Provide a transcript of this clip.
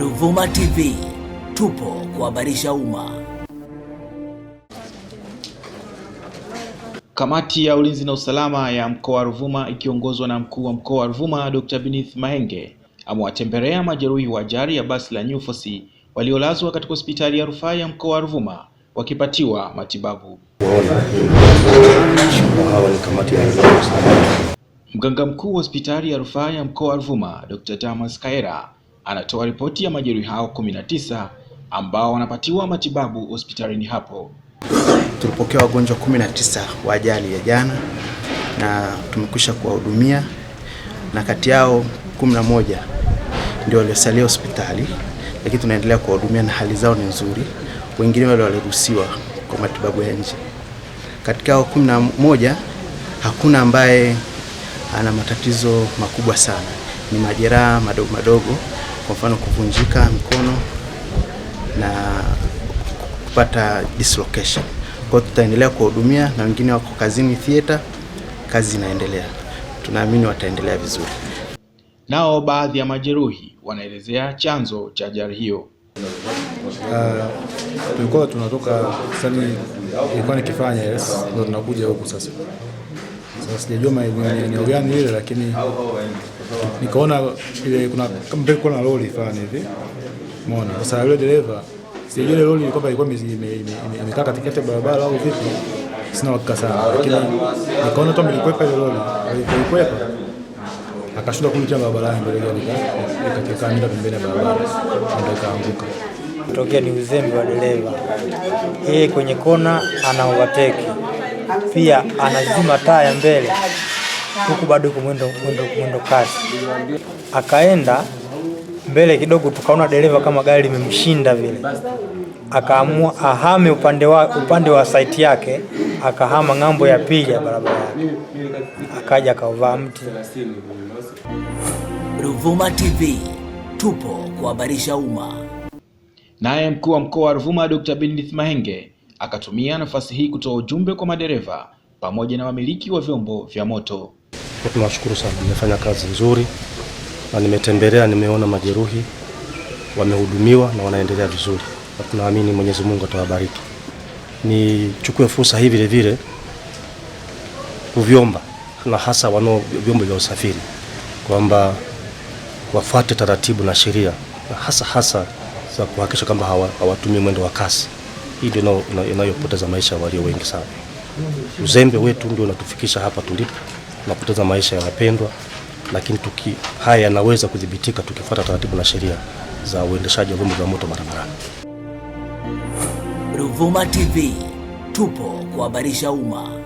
Ruvuma TV tupo kuhabarisha umma. Kamati ya ulinzi na usalama ya mkoa wa Ruvuma ikiongozwa na mkuu wa mkoa wa Ruvuma Dr. Binith Maenge amewatembelea majeruhi wa ajali ya basi la Nyufosi waliolazwa katika hospitali ya rufaa ya mkoa wa Ruvuma wakipatiwa matibabu. Mganga mkuu wa hospitali ya rufaa ya mkoa wa Ruvuma Dr. Damas Kaera anatoa ripoti ya majeruhi hao 19 ambao wanapatiwa matibabu hospitalini hapo. Tulipokea wagonjwa 19 wa ajali ya jana na tumekwisha kuwahudumia, na kati yao 11 ndio waliosalia hospitali, lakini tunaendelea kuwahudumia na hali zao ni nzuri. Wengine wale waliruhusiwa kwa matibabu ya nje. Katika hao 11 hakuna ambaye ana matatizo makubwa sana, ni majeraha madogo madogo kwa mfano kuvunjika mkono na kupata dislocation. Kwa tutaendelea kuwahudumia na wengine wako kazini theater, kazi inaendelea, tunaamini wataendelea vizuri. Nao baadhi ya majeruhi wanaelezea chanzo cha ajali hiyo. Uh, tulikuwa tunatoka sani, ilikuwa nikifanya yes, ndo tunakuja huku sasa. Sasa sijajua maeneo eneo gani ile, lakini nikaona ile kuna kama kuna lori fulani hivi, umeona. Sasa yule dereva sijui ile lori ilikuwa ilikuwa imekaa katikati ya barabara au vipi, sina uhakika sana, lakini nikaona tu amekwepa ile lori, alikwepa akashinda kunitia barabarani, ndio ikateka mimi pembeni ya barabara, ndio ikaanguka tokea ni uzembe wa dereva. Yeye kwenye kona ana overtake, pia anazima taa ya mbele huku bado iko mwendo, mwendo, mwendo kasi. Akaenda mbele kidogo, tukaona dereva kama gari limemshinda vile, akaamua ahame upande wa, upande wa saiti yake, akahama ng'ambo ya pili ya barabara yake, akaja akauvaa mti. Ruvuma TV tupo kuhabarisha umma. Naye mkuu wa mkoa wa Ruvuma Dr. Benedict Mahenge akatumia nafasi hii kutoa ujumbe kwa madereva pamoja na wamiliki wa vyombo vya moto Tunawashukuru sana, nimefanya kazi nzuri na nimetembelea, nimeona majeruhi wamehudumiwa na wanaendelea vizuri, na tunaamini Mwenyezi Mungu atawabariki. Nichukue fursa hii vile vile kuvyomba na hasa wanao vyombo vya usafiri kwamba wafuate taratibu na sheria na hasa hasa za kuhakikisha kwamba hawatumii mwendo wa kasi. Hii ndio inayopoteza maisha walio wengi sana. Uzembe wetu ndio unatufikisha hapa tulipo na kupoteza maisha ya wapendwa, lakini tuki, haya yanaweza kudhibitika tukifuata taratibu na sheria za uendeshaji wa vyombo vya moto barabarani. Ruvuma TV tupo kuhabarisha umma.